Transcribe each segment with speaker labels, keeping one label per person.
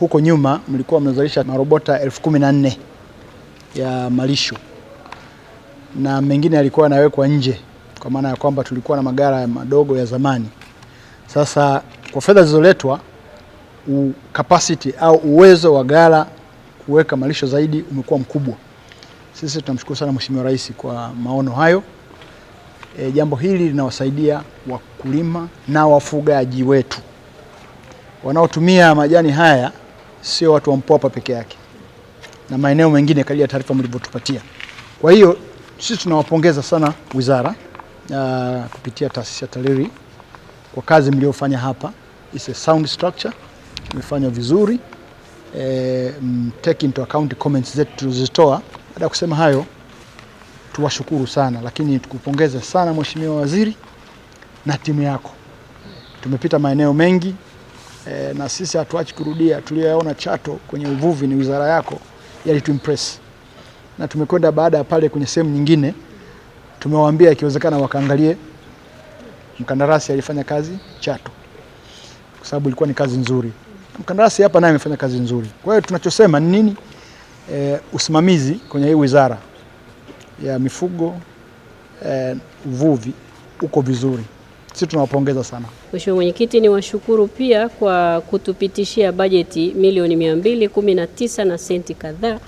Speaker 1: huko nyuma mlikuwa mnazalisha marobota elfu kumi na nne ya malisho na mengine yalikuwa yanawekwa nje, kwa maana ya kwamba tulikuwa na magara madogo ya zamani. Sasa kwa fedha zilizoletwa, capacity au uwezo wa gara kuweka malisho zaidi umekuwa mkubwa. Sisi tunamshukuru sana Mheshimiwa Rais kwa maono hayo. E, jambo hili linawasaidia wakulima na wafugaji wetu wanaotumia majani haya sio watu wa Mpwapwa peke yake na maeneo mengine kali ya taarifa mlivyotupatia. Kwa hiyo sisi tunawapongeza sana wizara uh, kupitia taasisi ya TALIRI kwa kazi mliofanya hapa. It's a sound structure, mmefanya vizuri eh, mm, take into account comments zetu tulizozitoa. Baada ya kusema hayo, tuwashukuru sana lakini tukupongeza sana Mheshimiwa Waziri na timu yako. Tumepita maeneo mengi e, na sisi hatuachi kurudia. Tuliyoyaona Chato kwenye uvuvi ni wizara yako yalituimpress, na tumekwenda baada ya pale kwenye sehemu nyingine, tumewaambia ikiwezekana wakaangalie mkandarasi alifanya kazi Chato kwa sababu ilikuwa ni kazi nzuri. Mkandarasi hapa naye amefanya kazi nzuri. Kwa hiyo tunachosema ni nini? E, usimamizi kwenye hii wizara ya mifugo e, uvuvi uko vizuri sisi tunawapongeza sana.
Speaker 2: Mheshimiwa Mwenyekiti, ni washukuru pia kwa kutupitishia bajeti milioni 219 na senti kadhaa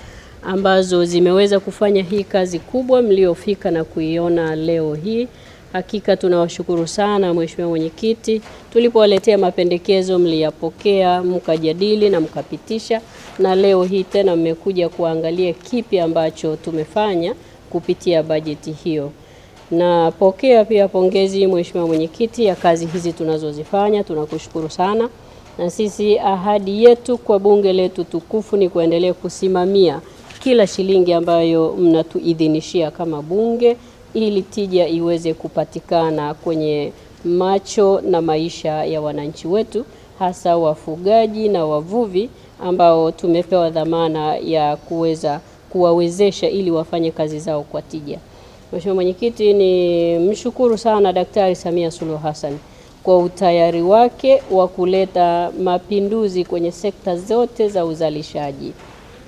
Speaker 2: ambazo zimeweza kufanya hii kazi kubwa mliofika na kuiona leo hii. Hakika tunawashukuru sana Mheshimiwa Mwenyekiti, tulipowaletea mapendekezo mliyapokea, mkajadili na mkapitisha, na leo hii tena mmekuja kuangalia kipi ambacho tumefanya kupitia bajeti hiyo. Napokea pia pongezi Mheshimiwa Mwenyekiti ya kazi hizi tunazozifanya, tunakushukuru sana. Na sisi ahadi yetu kwa bunge letu tukufu ni kuendelea kusimamia kila shilingi ambayo mnatuidhinishia kama bunge ili tija iweze kupatikana kwenye macho na maisha ya wananchi wetu, hasa wafugaji na wavuvi ambao tumepewa dhamana ya kuweza kuwawezesha ili wafanye kazi zao kwa tija. Mheshimiwa Mwenyekiti, ni mshukuru sana Daktari Samia Suluhu Hassan kwa utayari wake wa kuleta mapinduzi kwenye sekta zote za uzalishaji,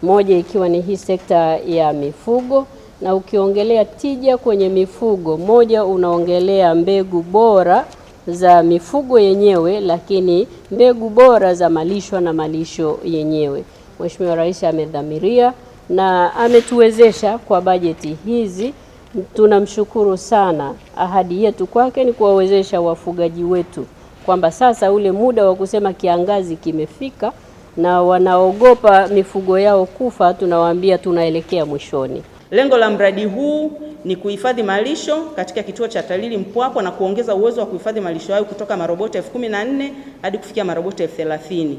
Speaker 2: moja ikiwa ni hii sekta ya mifugo. Na ukiongelea tija kwenye mifugo, moja unaongelea mbegu bora za mifugo yenyewe, lakini mbegu bora za malisho na malisho yenyewe. Mheshimiwa Rais amedhamiria na ametuwezesha kwa bajeti hizi Tunamshukuru sana. Ahadi yetu kwake ni kuwawezesha wafugaji wetu kwamba sasa ule muda wa kusema kiangazi kimefika na wanaogopa mifugo yao kufa, tunawaambia tunaelekea mwishoni.
Speaker 3: Lengo la mradi huu ni kuhifadhi malisho katika kituo cha talili Mpwapwa na kuongeza uwezo wa kuhifadhi malisho hayo kutoka marobota elfu kumi na nne hadi kufikia marobota elfu thelathini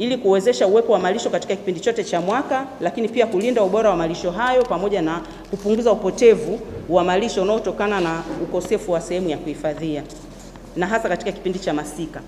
Speaker 3: ili kuwezesha uwepo wa malisho katika kipindi chote cha mwaka, lakini pia kulinda ubora wa malisho hayo pamoja na kupunguza upotevu wa malisho unaotokana na ukosefu wa sehemu ya kuhifadhia na hasa katika kipindi cha masika.